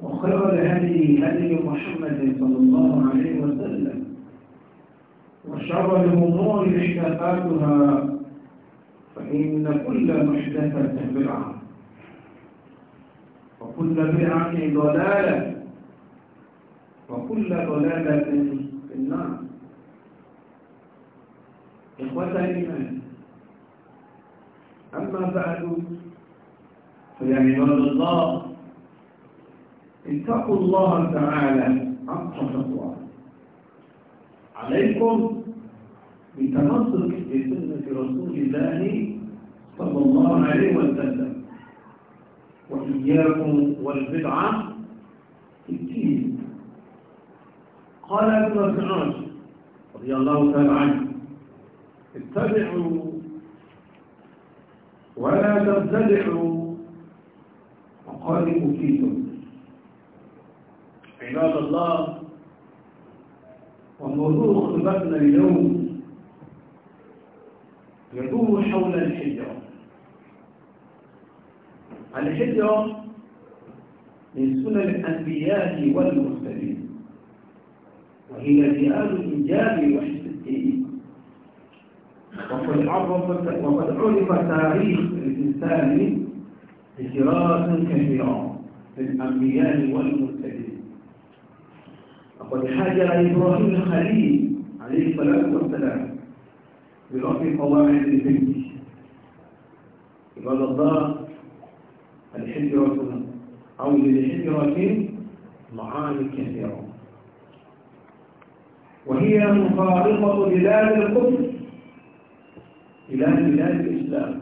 وخير الهدي هدي محمد صلى الله عليه وسلم وشر الأمور محدثاتها فإن كل محدثة بدعة وكل بدعة ضلالة وكل ضلالة في النار إخوة الإيمان أما بعد فيا عباد الله اتقوا الله تعالى حق تقوى عليكم بتمسك بسنة رسول الله صلى الله عليه وسلم وإياكم والبدعة في الدين قال ابن مسعود رضي الله تعالى عنه اتبعوا ولا تبتدعوا وقالوا فيكم عباد الله وموضوع خطبتنا اليوم يدور حول الحجرة الحجرة من سنن الأنبياء والمرسلين وهي جهاد الإنجاب وحسن الدين وقد عرف وقد عرف تاريخ الإنسان هجرات كثيرة للأنبياء والمرسلين والحجر إبراهيم الخليل عليه الصلاة والسلام برفع قواعد البيت عباد الله الحجرة أو للحج رسول معاني كثيرة وهي مفارقة بلاد القدس إلى بلاد الإسلام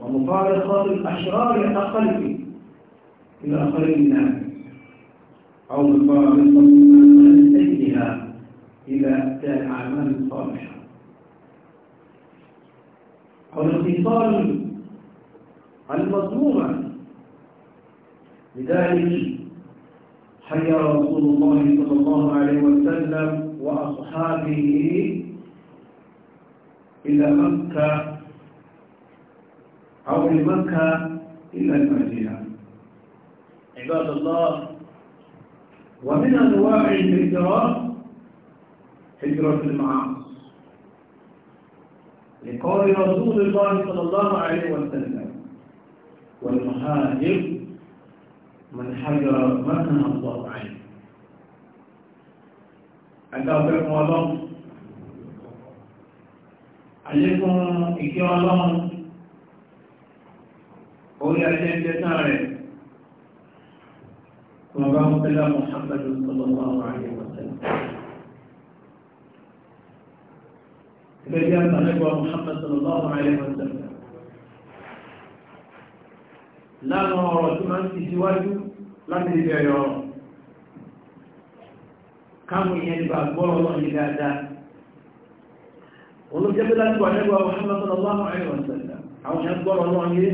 ومفارقة الأشرار أقل إلى أقل الناس أو مقابل من سيدها إذا كان أعمال صالحة أو الانتصار المظلومة لذلك حيا رسول الله صلى الله عليه وسلم وأصحابه إلى مكة أو من مكة إلى المدينة عباد الله ومن أنواع الهجرات هجرة المعاصي لقول رسول الله صلى الله عليه وسلم والمهاجر من حجر من نهى الله عنه أتوقف موضوع عليكم إكرام الله قولي أجل جسارك وبارك على محمد صلى الله عليه وسلم كذلك نبوى محمد صلى الله عليه وسلم lánà ọ̀rọ̀ tí ma ń ti síwájú láti ìbẹ̀rẹ̀ ọ̀rọ̀ káàmù ìyẹn nípa gbọ́rọ̀ lọ ní dáadáa olójẹ́bí láti wà nígbà Muhammad sallallahu alaihi wa sallam àwọn èèyàn gbọ́rọ̀ lọ yé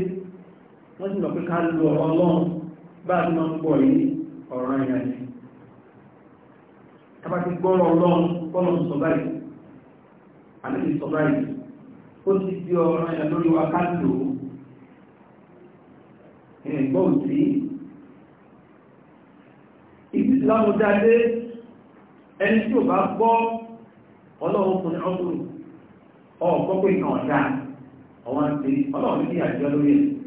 wọ́n sì mọ̀ pé ká lu ọ̀rọ̀ lọ́n bá a ti máa ń gbọ́ yìí ọ̀rọ̀ ìrìn àjò tàbá ti gbọ́rọ̀ ọlọ́run kọ́lọ̀ sọ báyìí àlejò sọ báyìí ó ti di ọ̀rọ̀ ìrìn lórí wa ká lò ó ẹ̀gbọ́n òsì ìdí ìsìlámù dáadé ẹni tí ò bá gbọ́ ọlọ́run fún ọkùnrin ọ̀gbọ́n pé nǹkan ọ̀dà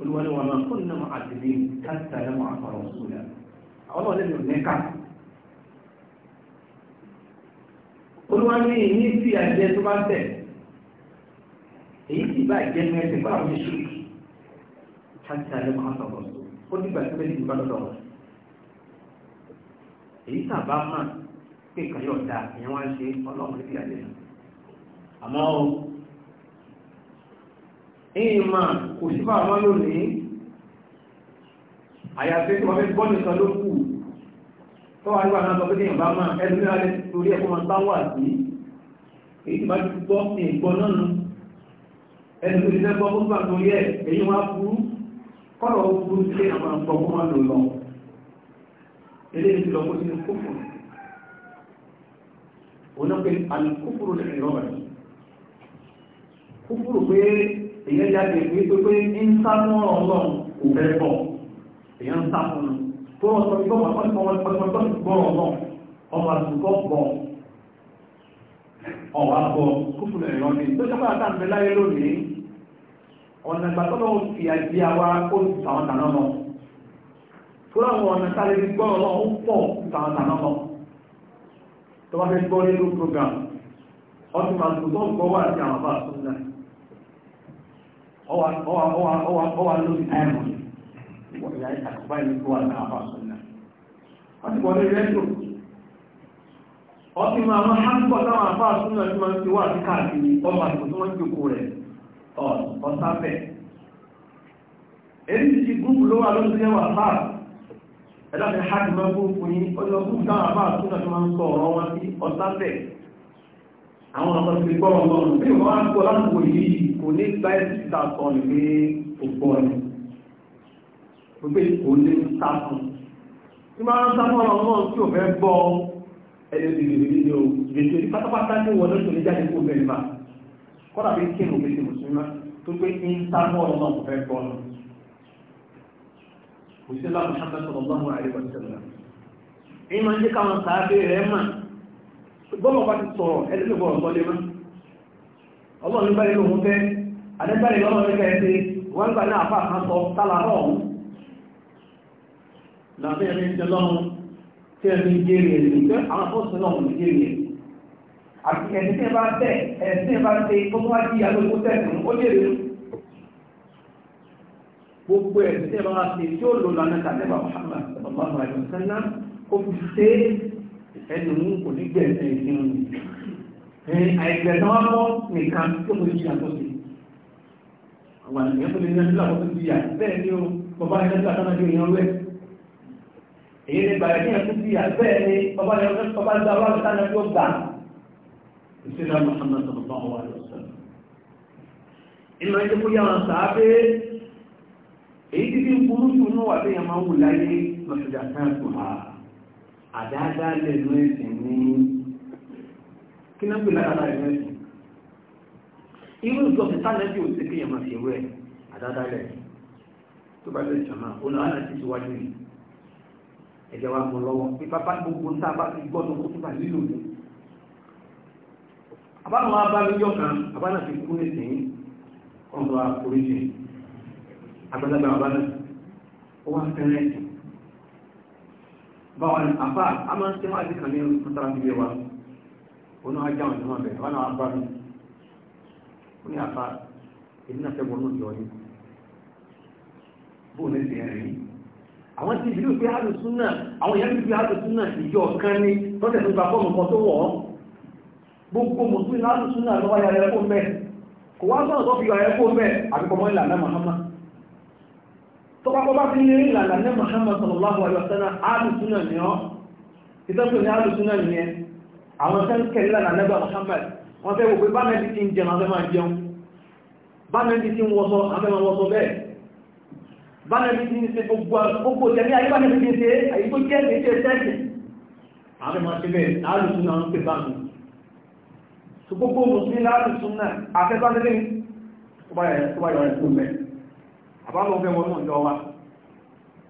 olúwa ni wọn máa kó nínú àdìrí káàtà lẹ́mọ̀ àfọ̀rọ̀ sódà àwọn ọ̀lẹ́ mi ò mẹ́ka olúwa ní ní fi àjẹ tó bá tẹ̀ èyí sì bá jẹ́ mẹ́rin fún àwọn iṣu káàtà lẹ́mọ̀ àfọ̀rọ̀ sódà ó nígbà tó bẹ́ẹ̀ ti bá lọ́dọ̀ wọn èyí sábà pé kàyọ̀ da ìyẹn wá ṣe ọlọ́run ìmà kò sífà àmọ́ lónìí àyàfẹ́ tí wọ́n fẹ́ bọ́ nìkan ló kù tó wà nígbà náà sọ pé ní ìbá máa ẹni ní alẹ́ torí ẹ̀kọ́ máa táwà sí èyí tí bá ti gbọ́ ní ìgbọ́ náà nù ẹni tó ti fẹ́ gbọ́ fún gbàgbọ́ yẹ èyí wá burú kọ́lọ̀ ó burú sí àwọn àgbọ̀ kó máa lò lọ eléyìí ti lọ sínú kófò onápe alùkófòrò lè rọrùn kófòrò pé èyàn jáde pé pé ń sá fún ọlọ́run kò fẹ́ bọ̀ èyàn ń sá fún un tó wọ́n sọ pé wọ́n pẹ́ wọ́n pẹ́ wọ́n pẹ́ bọ̀ ọlọ́run ọmọ àtúkọ́ bọ̀ ọ̀wà bọ̀ kúfùlù ẹ̀rọ ni tó ṣe pàtàkì àti láyé lónìí ọ̀nà ìgbàsọ́dọ̀ fi àjí àwa ó ti tàwọn tàná lọ tó láwọn ọ̀nà sáré ní gbọ́ ọlọ́run pọ̀ ti tàwọn tàná lọ tó bá fẹ́ gbọ́ nínú program ọtún àtúkọ́ gbọ́ wà sí àwọn àbá àtúnlẹ̀ ọwà lórí táìmù máa máa hánpọ̀ táwọn àpá sọ́nà tí wọ́n ti wà ní káàkiri ọmọ àti tí wọ́n jòkó rẹ̀ ọ̀sáfẹ́ èyí ti gúúpù ló wà lórí ẹwà fáà ẹ̀dá ti hajj mẹ́gbó fún yín ọjọ́ gúúpù táwọn àpá sọ́nà tí wọ́n ń sọ ọ̀rọ̀ wọn sí ọ̀sáfẹ́ àwọn ọ̀pọ̀ ti gbọ́ ọlọ́run bí wọ́n á gbọ́ láti wò yìí kò ní báyìí sàtọ̀ ní pé kò gbọ́ ni pé kò ní sàtọ̀ tí máa ń sàtọ̀ ọ̀rọ̀ náà tí ò fẹ́ gbọ́ ẹni tí lè rí ní o gbèsè ní pátápátá ní wọ́n lóṣù ní jáde kó bẹ̀rẹ̀ bá kọ́dà bí kí ni òbí ti mùsùlùmí má tó pé ní sàtọ̀ ọ̀rọ̀ náà kò fẹ́ gbọ́ lọ. òṣèlú àmọ́ sábẹ́ sọ̀rọ̀ lọ́wọ́ àríwá gbọ́mọ̀ bá ti sọ̀rọ̀ ẹlẹ́lẹ́ gbọ́rọ̀ sọ lé mọ́ ọlọ́run bá nínú fẹ́ àdẹ́gbàrí ọlọ́run fẹ́ ṣe wọ́n gbà náà fàá kan sọ tálà ọ̀hún láti ẹni ń tẹ́lọ́run tí ẹni jẹ́rì ẹ̀sìn pé àwọn fọ́sùn náà ń jẹ́rì ẹ̀ àti ẹ̀sìn tẹ́ bá tẹ̀ ẹ̀sìn bá tẹ tó wá jí alógún tẹ̀sùn ó jẹ́rì gbogbo ẹ̀sìn tẹ́ bá tẹ tí ó lò lọ́nà tàbí bàbá Muhammad ọ̀bá ẹnu mú kò ní gbẹ̀ẹ́sẹ̀ ìsinmi ẹ̀yìn àìgbẹ̀ẹ́sẹ̀ wọn mọ́ nìkan tó kò ní jìyà tó ti àwọn àìgbẹ̀ẹ́ tó lè ní ẹjọ́ àkókò jìyà bẹ́ẹ̀ ni ó bàbá ẹni ẹjọ́ àtọ́nà bí èèyàn rẹ̀ èyí ni bàbá ẹni ẹjọ́ jìyà bẹ́ẹ̀ ni bàbá ẹni ẹjọ́ bàbá ẹni ẹjọ́ àtọ́nà bí ó gbà ìṣẹ́lá Muhammad sallallahu alaihi wasallam àdáadáa lè ló ẹ̀sìn ní kí náà pè lára láì mẹ́sìn irú ìjọba sálẹ́bí ò sí kéèyàn máa fi ewé ẹ̀ àdáadáa lẹ̀ tó bá lè jọ náà ó náà láti ti síwájú yìí ẹ̀jẹ̀ wa mú lọ́wọ́ pé bàbá gbogbo tá a bá ti gbọ́ tó kó tó bá nílò ní. àbáwọn abáwíjọ kan àbáwọn ti kú nìsín ọ̀rọ̀ àforíjì àgbàlagbà àbáwọn ó wá fẹ́rẹ́ ẹ̀sìn báwọn àfà a máa ń tẹ́ máa dìkà ní mọ́sára ní ilé wa oní ajá wọn ìjọba bẹ̀rẹ̀ wọn àwọn abáàmì ó ní àfà èmi náà fẹ́ wọnú ìjọ yìí bóun ní ti rìn àwọn tí ìbílẹ̀ pé alùsùn náà àwọn ìyá bíbí alùsùn náà ìjọ kan ní tọ́tẹ̀ tó gba fọ́ọ̀mù kan tó wọ̀ ọ́ gbogbo mùsùlùmí alùsùn náà lọ́wọ́ yàrá tọ́pọ̀ bá fi ní ìlànà ní Muhammad sallallahu alaihi wasallam alùsúnà ni ọ́ ìtọ́pù ní alùsúnà ni ẹ àwọn tẹ́ ń kẹ ìlànà nẹ́bà Muhammad wọ́n fẹ́ wòpé bá mẹ́bí ti ń jẹun afẹ́ máa jẹun bá mẹ́bí ti ń wọ́sọ afẹ́ máa wọ́sọ bẹ́ẹ̀ bá mẹ́bí ti ń ṣe gbogbo tẹ̀lé ayé bá mẹ́bí ti ń ṣe àyè tó jẹ́ ní ṣe sẹ́ẹ̀kì àwọn máa àbálọ́ fẹ́ wọn náà jọ wa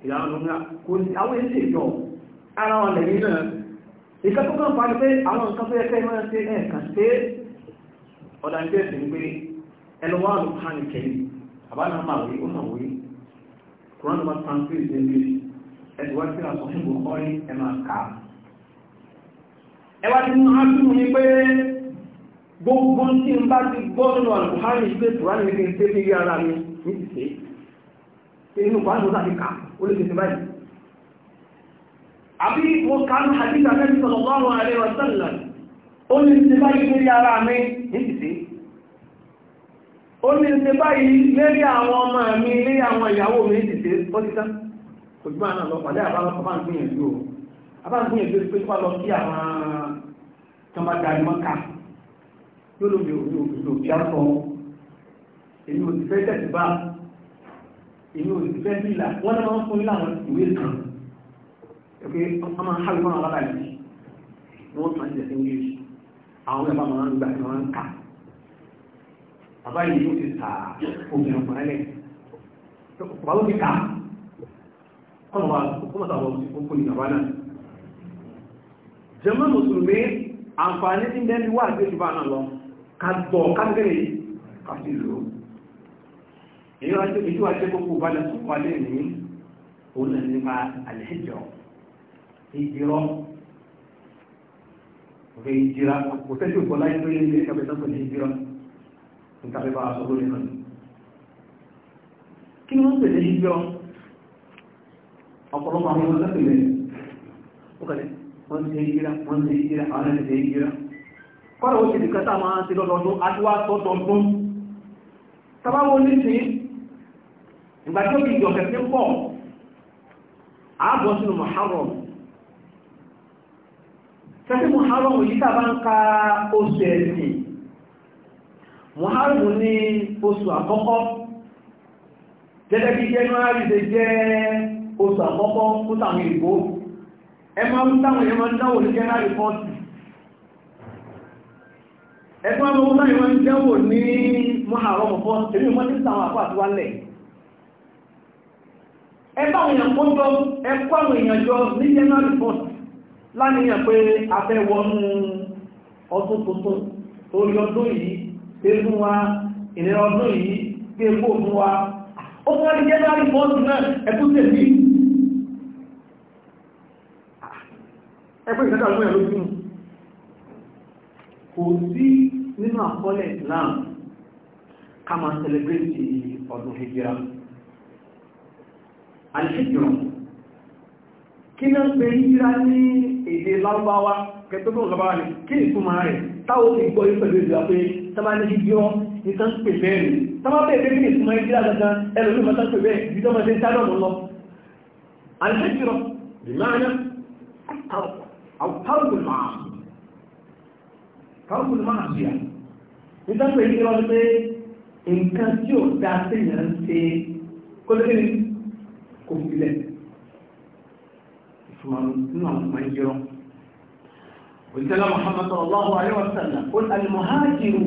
ìyàwó náà kò sí àwọn èsì ìjọ ara wọn lẹ́yìn náà ìkà tó kàn fàájú pé àwọn nǹkan tó yẹ kẹ́ máa ṣe ẹ̀ẹ̀kan ṣe ọ̀dà ń jẹ́ ìsìn pé ẹlọ́wọ́ àlù hàní kẹ́lì àbáná máa wí ó máa wí kùrán ló máa translate ní ilé ẹ̀sìn wá sí àtọ̀ fún bùkọ́rí ẹ máa kà á. ẹ wá ti mú ásùnmù ni pé gbogbo tí n bá ti gbọ́ nínú àlù hàní pé kùrán ní kí n ṣe bí inú kwanu láti ká ó báyìí àbí mo ká ní hadith abẹ́bí sọ̀rọ̀ alaihi wasallam ó ní ti báyìí lórí ara mi nítìsí ó ní ti báyìí lérí àwọn ọmọ mi lérí àwọn ìyàwó mi nítìsí ó ti àná lọ pàdé àbá èyí ò sì fẹ́ sí ìlà wọ́n náà máa ń fún ilé àwọn ìwé kan ẹgbẹ́ wọ́n máa ń hàlù fún àwọn alábàáyé wọ́n tún àti ìjẹsẹ̀ english àwọn ẹ̀bá máa ń gbà tí wọ́n ń kà bàbá yìí ó ti tà obìnrin ọkùnrin lẹ̀ bàbá ó ti kà ọmọ wa kó mọ̀ sábà ó kó ní bàbá náà jẹ́mọ́ mùsùlùmí àǹfààní tí ń dẹ́ni wà àti ìṣùbà náà lọ ká gbọ́ ká èyí wá jẹ́ ìjú àti gbogbo balẹ̀ tó wà lè ní òun náà nípa àlẹ́jọ́ ìdírọ́ òfin ìdíra kò tẹ́sí òkú láyé tó yé ní ẹgbẹ́ tó ní ìdírọ́ níta bí bá a sọ lórí náà kí ni wọ́n pè ní ìdírọ́ ọ̀pọ̀lọpọ̀ àwọn ọmọ sẹ́sìn lẹ́yìn ó kẹ́lẹ́ wọ́n ti ṣe wọ́n ti ṣe àwọn ẹni ti ṣe kọ́lọ̀ ó ti máa ti lọ́dọọdún àti wá sọ́dọọdún tabawo ní sí ìgbà tí ó fi ìjọ̀kẹ̀ tí ń pọ̀ ààbọ̀ sínú Muharram kẹsí Muharram yìí tàbá ń ka oṣù ẹ̀sìn Muharram ní oṣù àkọ́kọ́ gẹ́gẹ́ bí January ṣe jẹ́ oṣù àkọ́kọ́ fún tàwọn ìbò ẹ máa ń táwọn èèyàn máa ń dáwò ní January 40 ẹgbẹ́ ọmọ ọmọ ìwọ̀n jẹ́wò ní Muharram 40 èyí mọ́ ní sàwọn àpá àtiwálẹ̀ ẹgbà àwọn èèyàn kó jọ ẹkọ́ àwọn èèyàn jọ ní general report láníyàn pé afẹ́wọnú ọdún tuntun torí ọdún yìí wa ọdún yìí wa ó fún ẹni general report náà ẹkú tẹ̀lé kò sí nínú alìṣẹ́jọ́ kí náà pè yíra ní èdè lárúbáwá kẹtọ́tọ́ lọ́báwá ní kí ìtumà rẹ̀ táwọ́ ti gbọ́ ìpẹ̀lú ìjọba pé tọ́bá ní jíjọ́ ìtàn pè bẹ́ẹ̀ ni tọ́bá bẹ́ẹ̀ bẹ́ẹ̀ ní ìtumà ìjìlá dandan ẹlòmí mọ́tàn pè bẹ́ẹ̀ bí tọ́bá ṣe ń tálọ̀ lọ alìṣẹ́jọ́ bí máa ná àwùtáwùl kó sílẹ̀ ìfúnmọ́ nínú àwọn ọmọ ìjọ òṣìṣẹ́lá Muhammad sallallahu alaihi wa sallam ó ní alimuhajiru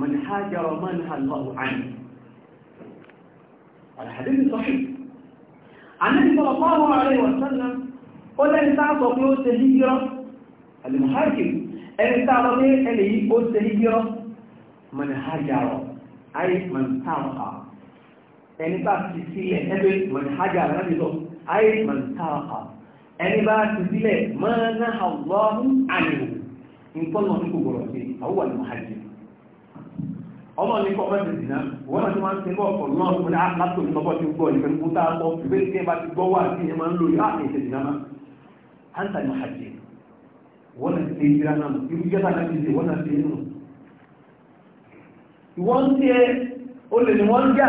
man hajara man hallahu ani alhadith sahih anabi sallallahu alaihi wa sallam ó lẹ́yìn tá a sọ pé ó ṣe hijira alimuhajiru ẹni tá a lọ pé ẹni yìí ó ṣe hijira man hajara ay man taqa ẹni bá ti sílẹ̀ ẹgbẹ́ mọ̀n hajjá rẹ̀ lọ ayé mọ̀n tààkà ẹni bá ti sílẹ̀ mọ́nà àwọ̀lọ́mù àyẹ̀wò nǹkan náà ní gbogbo ọ̀sẹ̀ àwọn àlùmọ̀ hajj ọmọ ní kọ́kọ́ ti dìnnà wọ́n náà ti máa ń sin bọ́ọ̀ pọ̀ náà fún látò ní ọkọ̀ tí ó gbọ́ ìfẹ́ nípa tá a kọ́ ìfẹ́ tí ẹ bá ti gbọ́ wà sí ẹ máa ń lò yóò ah, àtẹ̀sẹ̀ dìnnà má hanta ní hajj wọ́n náà ti ṣe ìdíra náà irú yẹ́ta náà ti ṣe wọ́n náà ti ṣe nù. ìwọ́n ń tiẹ̀ olè ni wọ́n ń jà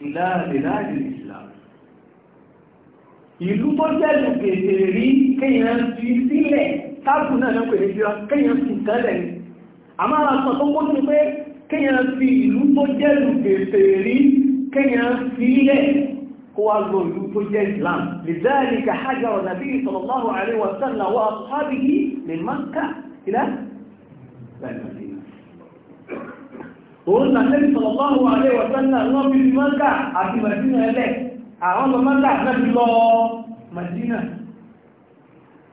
إلى بلاد الإسلام ìlú tó jẹ́lù gèdè rí kéèyàn fi sílẹ̀ táàbù náà lọ́pẹ̀ ìjọra kéèyàn fi tẹ́lẹ̀ ní a máa ra sọ tó kó ní pé kéèyàn fi ìlú tó jẹ́lù gèdè rí kéèyàn fi ilẹ̀ kó wá lọ ìlú tó jẹ́ Islam lè dáàrí ka hajjá wà nàbí sallallahu alaihi wa sallam wà sábìí lè máa ká ilá láìpẹ́ òun là lẹ́yìn sọ̀lọ̀lọ́wọ́ alẹ́ ìwọ̀sánà lọ́ fi fi àti màdínà ẹlẹ́ àwọn lọ mọ́gà láti lọ màdínà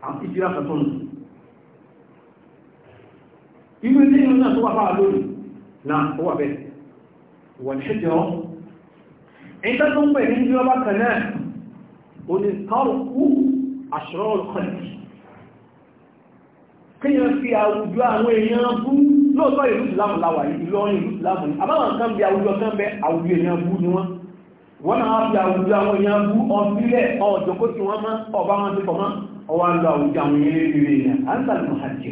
àti ìjírà pẹ̀tọ́nù inú ilé ìrìn náà tó wà fáà lórí náà ó wà bẹ́ẹ̀ wọ̀n ṣẹ́jọ́ ẹ̀yìn tó fi àwùjọ àwọn èèyàn lóòótọ́ ìlú ìsìlámù láwà yìí ìlọrin ìlú ìsìlámù ni àbáwọn kan bí àwùjọ kan bẹ àwùjọ èèyàn bú ni wọ́n wọ́n náà fi àwùjọ àwọn èèyàn bú ọ̀sílẹ̀ ọ̀jọ̀kó tí wọ́n ọba wọn ti fọ́mọ́ ọwá ń lọ àwùjọ àwọn èèyàn rere èèyàn ansal muhajjẹ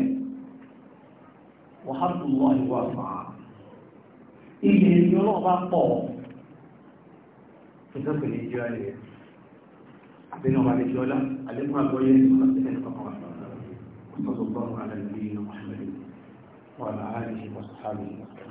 wàhálù wọn ìwà fà á ilé ẹni ọlọ́run bá pọ̀ ìjọ pè ní ìjọ ayé wà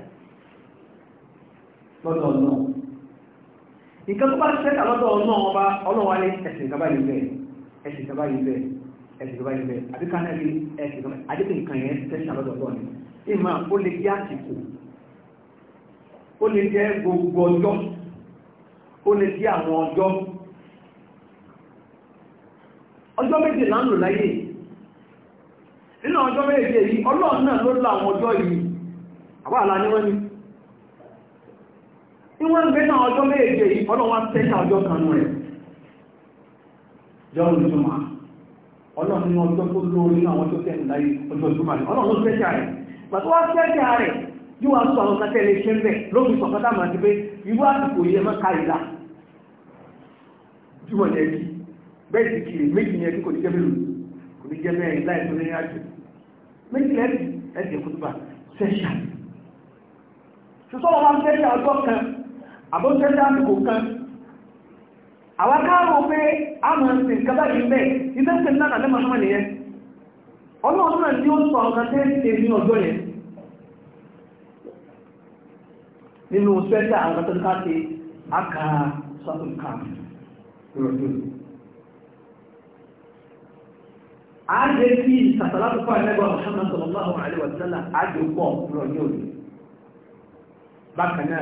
lọ́dọ̀ ọ̀nà nǹkan tó bá ṣẹ́kà lọ́dọ̀ ọ̀nà ọba ọlọ́wà ní ẹ̀sìn ìjọba yìí bẹ́ẹ̀ ẹ̀sìn ìjọba yìí bẹ́ẹ̀ ẹ̀sìn ìjọba yìí bẹ́ẹ̀ àbíká náà rí ẹ̀sìn ìjọba àdébì nǹkan yẹn ṣẹ́ṣà lọ́dọ̀ ọ̀dọ̀ ni ìmọ̀ ó lè jẹ́ àsìkò ó lè jẹ́ gbogbo ọjọ́ ó lè jẹ́ àwọn ọjọ́ ọjọ́ méje là ń lò láyé nínú ọjọ́ méje yìí ọlọ́run náà ló lo àwọn ọjọ́ yìí àbá àlá ni wọ́n ní tí wọ́n ń gbé náà ọjọ́ méje yìí ọlọ́wọ́ ń tẹ́ta ọjọ́ kan rẹ̀ jọun ìtumà ọlọ́run ní ọjọ́ tó lórí ní àwọn tó tẹ́lẹ̀ láyé ọjọ́ ìtumà rẹ̀ ọlọ́run ló tẹ́ta rẹ̀ pàtó wá tẹ́ta rẹ̀ yóò wá sọ àwọn kátẹ́lẹ̀ ṣe ń bẹ̀ lóbi sọ kátà máa ti pé irú àsìkò yẹ mọ́ káyìlá jùmọ̀ yẹn kí bẹ́ẹ̀ sì kiri méjì yẹn kí kò ní jẹ́ mélòó kò ní jẹ́ mẹ́rin láì tó lẹ́yìn àjò ṣùgbọ́n wọn máa ń àbójẹ́ dáàbò kan àwọn akáàrò pé a mọ̀ sí nǹkan báyìí na ilé ṣe náà lẹ́mọ̀ náà nìyẹn ọlọ́run náà tí ó sọ ọ̀nà tẹ́ ṣe ní ọjọ́ yẹn nínú sẹ́tà àwọn tó ká a a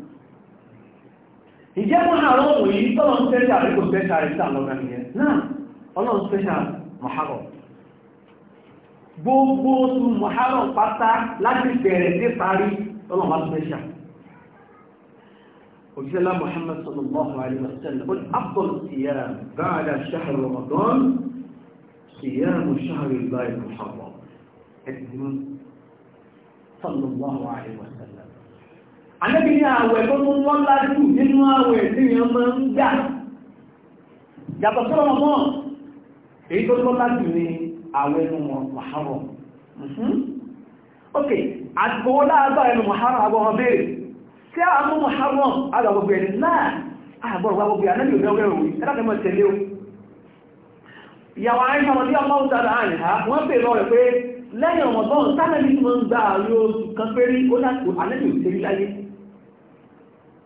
ìjẹ́ mọ́hàrán òun yìí tọ́lọ̀ ń tẹ́jà rí kò tẹ́jà rí sí àlọ́gbà nìyẹn náà ọlọ́run tẹ́jà mọ̀hárán gbogbo oṣù mọ̀hárán pátá láti bẹ̀rẹ̀ dé parí ọlọ́run wá tẹ́jà òjíṣẹ́ lá Muhammad sallallahu alaihi wasallam ó ní afdal siyam ba'da shahr Ramadan siyam shahr al-muharram sallallahu alaihi wasallam àlẹ́bí ní àwẹ̀ tó tún wọ́n lájú nínú àwẹ̀ tí yẹn máa ń gbà yàtọ̀ tó lọ́wọ́ èyí tó tún lájú ní àwẹ̀ mm-hmm. ẹnu mọ̀hárọ̀ ok àtìkòwò láàbà ẹnu mọ̀hárọ̀ àgbọ̀wọ̀ béèrè tí a mú mọ̀hárọ̀ àgbọ̀gbẹ̀ náà àgbọ̀gbẹ̀ àgbọ̀gbẹ̀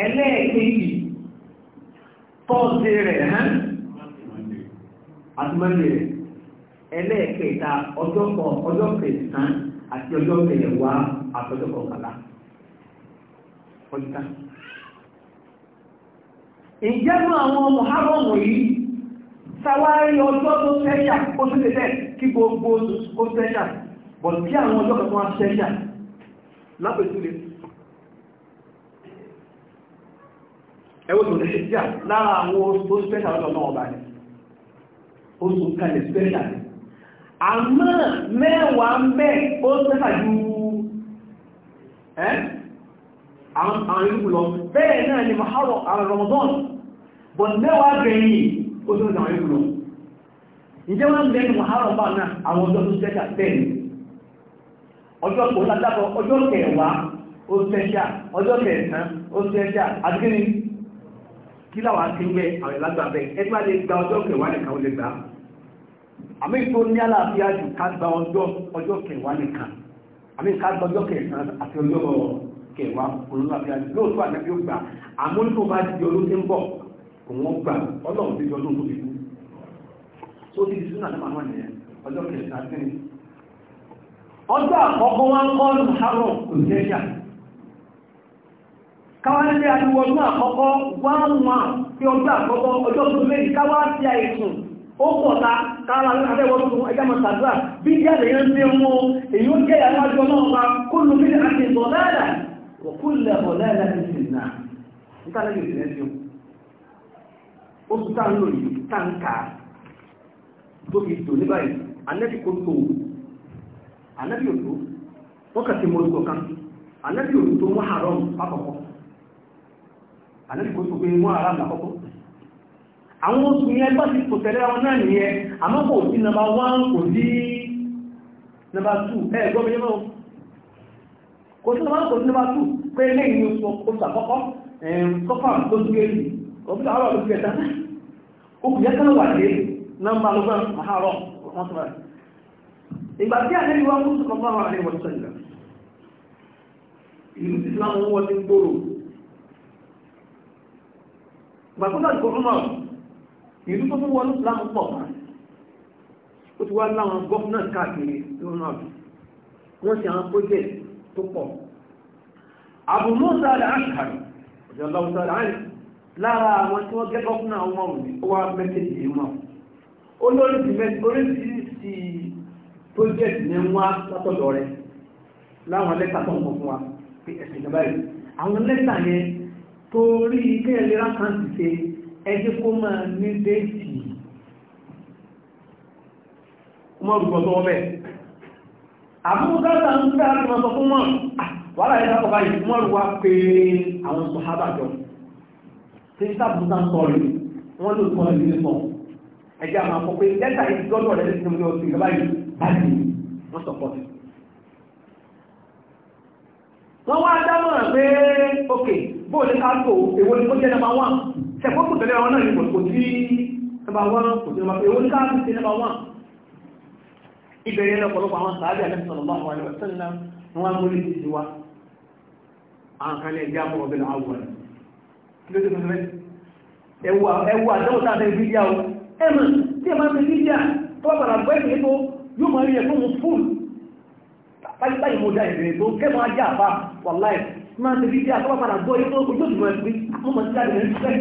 ẹlẹ́ẹ̀kejì tọ́ọ̀sẹ̀ rẹ̀ hàn àti ẹlẹ́ẹ̀kẹta ọjọ́ ọjọ́ kẹsàn àti ọjọ́ kẹwàá àtọjọ́ kọkànlá ọjọ́ ìjẹ́nu àwọn mọ̀hárọ̀mù yìí sáwárí ọjọ́ tó tẹ́ṣà ó tún kí gbogbo ó bọ̀ tí àwọn ọjọ́ kan tó wá ẹwọ́ tó lẹ́sẹ̀ jà lára àwọn oṣù special lọ́nà ọba ni oṣù kalẹ̀ special àmọ́ mẹ́wàá ń bẹ́ ó special ju àwọn ìlú bẹ́ẹ̀ náà ni maharo àwọn bọ̀ mẹ́wàá gbẹ̀yìn ó tó àwọn ìlú ìjẹ́ wọ́n bẹ́ẹ̀ ni maharo bá náà àwọn ọjọ́ tó special bẹ́ẹ̀ ọjọ́ kò lágbàtọ̀ ọjọ́ kẹwàá ó special ọjọ́ kí láwọn akéwì bẹ́ẹ̀ àwọn ìlàgbà bẹ́ẹ̀ ẹgbẹ́ alẹ́ gba ọjọ́ kẹwàá nìkan ó lè gbà á àmì tó ní àlàáfíà jù ká gba ọjọ́ kẹwàá nìkan àmì ká gba ọjọ́ kẹsàn-án àti ọjọ́ kẹwàá olólàáfíà jù lóòótọ́ àti ó gbà àmọ́ tó bá di ọdún tí ń bọ̀ òun ó gbà ọlọ́run ti di ọdún tó fi kú tó ti di sínú àtàwọn àwọn ènìyàn ọjọ́ kẹsàn-án sí ni ọjọ́ àkọ́kọ́ wọn kọ́ káwàlẹ́ ariwo ọdún àkọ́kọ́ wáwọ́nwá tí ọjọ́ àkọ́kọ́ ọjọ́ tó méjì káwà sí àìsùn ó pọ̀ta káàrà abẹ́wọ́sùn ẹgbẹ́mọ̀sàdúrà bí jáde yẹn tí mú èyí ó jẹ́ àwájọ náà pa kó ló bí láti bọ̀láàdà ti sì náà nítorí ìrìn tó wọ́n kà pápọ̀pọ̀ ànábì kò tó pé mọ́ ara nà kọ́kọ́ àwọn oṣù yẹn bá ti kò tẹ̀lé àwọn náà nìyẹn àmọ́ kò sí nọmba wán kò sí nọmba tù ẹ gbọ́ mi mọ́ kò sí nọmba kò sí nọmba tù pé lẹ́yìn ní oṣù oṣù àkọ́kọ́ kọ́kọ́ tó ń gé lì ọ̀bí àwọn ọ̀bí kẹta okù yẹn kan wà dé nọmba ló bá máa rọ wọn sọ báyìí ìgbà tí àlejò wa ń kó sọ̀rọ̀ fún àwọn àlejò wọn sọ̀rọ̀ gbàgbọ́dọ̀ ìkọ̀ ọmọ ìlú tó tún wọlé láwọn pọ̀ ó ti wá láwọn gọ́fúnà káàkiri lọ́nà wọ́n ti àwọn project tó pọ̀ Abu Musa al-Ash'ari ọ̀dọ̀ lọ́wọ́ sọ́dọ̀ àárín lára àwọn tí wọ́n gẹ́ gọ́fúnà torí ilé ìlera kan ti ṣe ẹjẹ́ kó máa ní déètì ọmọ òrùkọ tó wọ́n bẹ̀. àbúkátà ń fẹ́ àti mọ́sọ fún wọn wàhálà ẹ̀dá ọba yìí wọ́n rú wá pé àwọn sọ̀hábà jọ tí ń sábùkà ń sọ̀rọ̀ wọ́n ló sọ̀rọ̀ nílé sọ̀ ẹjẹ́ àmà kọ pé lẹ́tà yìí gbọ́dọ̀ rẹ̀ ti mú ọtí ìjọba yìí báyìí wọ́n sọ̀pọ̀ wọ́n wá dámọ̀ràn pé ókè bóòlù káàkó èwo ni ó jẹ́ nọmba wán ṣẹ̀kọ́ kò tẹ̀lé ọ̀nà ìbò kò sí nọmba wán kò sí nọmba èwo ni káàkó sí nọmba wán ìbẹ̀rẹ̀ ní ọ̀pọ̀lọpọ̀ àwọn sàájà ní sọ̀rọ̀lá àwọn àlẹ́ ọ̀sẹ̀ ńlá wọn mú ní ti ti wá àwọn kan ní ẹgbẹ́ àmọ́ ọ̀bẹ̀ náà wọ̀ ẹwù àdánwò tá a fẹ́ fi díà o ẹ̀mọ̀ tí ẹ máa fi fi díà tó máa ti rí bí àtọ́wọ́ padà gbọ́ yóò tó ojú ìmọ̀ ẹ̀sìn mọ́ mọ̀ sí àdìmọ̀ ẹ̀sìn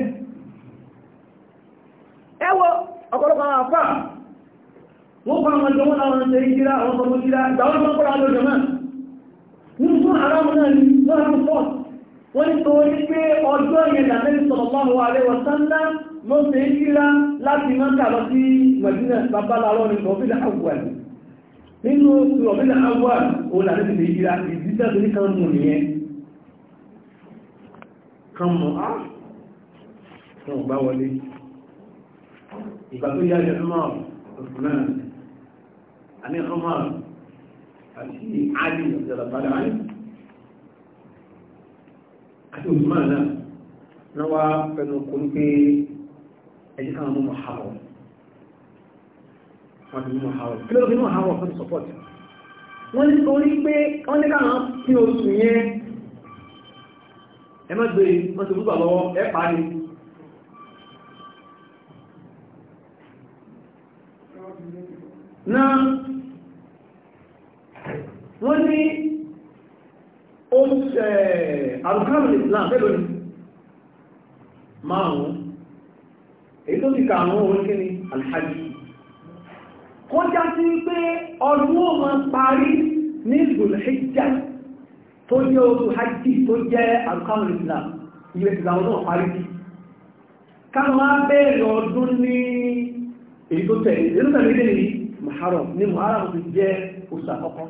ẹ wo ọ̀pọ̀lọpọ̀ àwọn àfà wọ́n kọ́ àwọn ọjọ́ wọn láwọn ṣe ìjírá àwọn ọmọ ìjírá ìgbà wọn máa kọ́ra lójọ náà nínú fún ara wọn alaihi wasallam ló ṣe ìjírá láti mọ́ta lọ sí Mẹdínà babaláwọ́ ní ọ̀fíìlà àwùwà nínú ọ̀fíìlà àwùwà òun lànàbí ìjírá ìdíjà tó ní kan mú nìyẹn kan mọ̀ á fún ọgbá wọlé ìgbà tó yá jẹ́ ọmọ ọ̀sùnmọ́n àní ọmọ àti àdì ìjọlọ̀padà àní àti ọ̀sùnmọ́n náà wọ́n wá pẹ̀lú kò ní pé ẹjí káwọn mọ́ mọ̀háwọ̀ wọ́n ti mọ̀háwọ̀ kí ló fi mọ̀háwọ̀ fún support wọ́n ní torí pé wọ́n ní káwọn pín oṣù yẹn ẹ má gbé wọ́n ti rúbà lọ́wọ́ ẹ pa ni náà wọ́n ní oúnjẹ àrùkárù Islam fẹ́ lónìí márùn-ún èyí tó ti kààrùn òun kí ni alhaji kọjá sí pé ọdún ó parí ní Zulhijjah tó yẹ oṣù hajj tó jẹ́ àrùkáwọn islam ìyẹn ti làwọn náà parí sí ká máa bẹ̀rẹ̀ ọdún ní èyí tó tẹ̀lé èyí tó tẹ̀lé ní muharram ní muharram ti jẹ́ oṣù àkọ́kọ́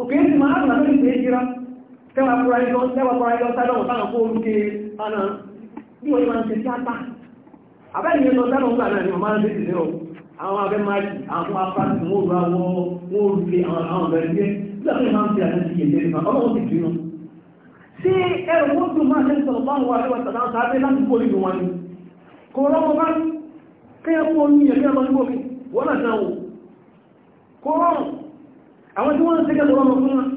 òkè ní muharram náà ní ìjìra kẹwàá kúra ẹjọ́ kúra ẹjọ́ sáré bí wọ́n máa ń yẹn lọ sáré náà ni màmá ń tètè lé ọ àwọn abẹ́ máa àwọn àwọn olùkè àwọn nígbà tó máa ń fi àti ìyè lérí máa ọlọ́wọ́ ti bínú sí ẹrù wọ́n tó máa lẹ́sọ̀ láwọn àríwá sàdáwọn sàábẹ́ láti kó nínú wọn ni kò rọ́mọ bá kẹ́yẹ́ fún oní ẹ̀mí ọmọ nígbò mi wọ́n náà náà kò rọrùn àwọn tí wọ́n ń tẹ́gẹ́ lọ́wọ́ fún wọn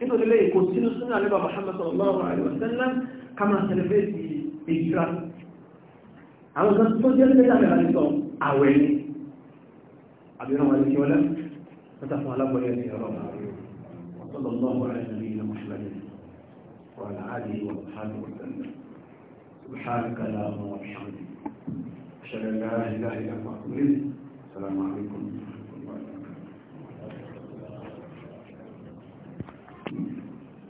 nítorí lẹ́yìn kò sínú sínú àríwá Muhammad sallallahu alaihi wasallam ká máa فتحوا على بريات يا رب وصلى الله على نبينا محمد وعلى آله وصحبه وسلم سبحانك اللهم وبحمدك أشهد أن لا إله إلا أنت السلام عليكم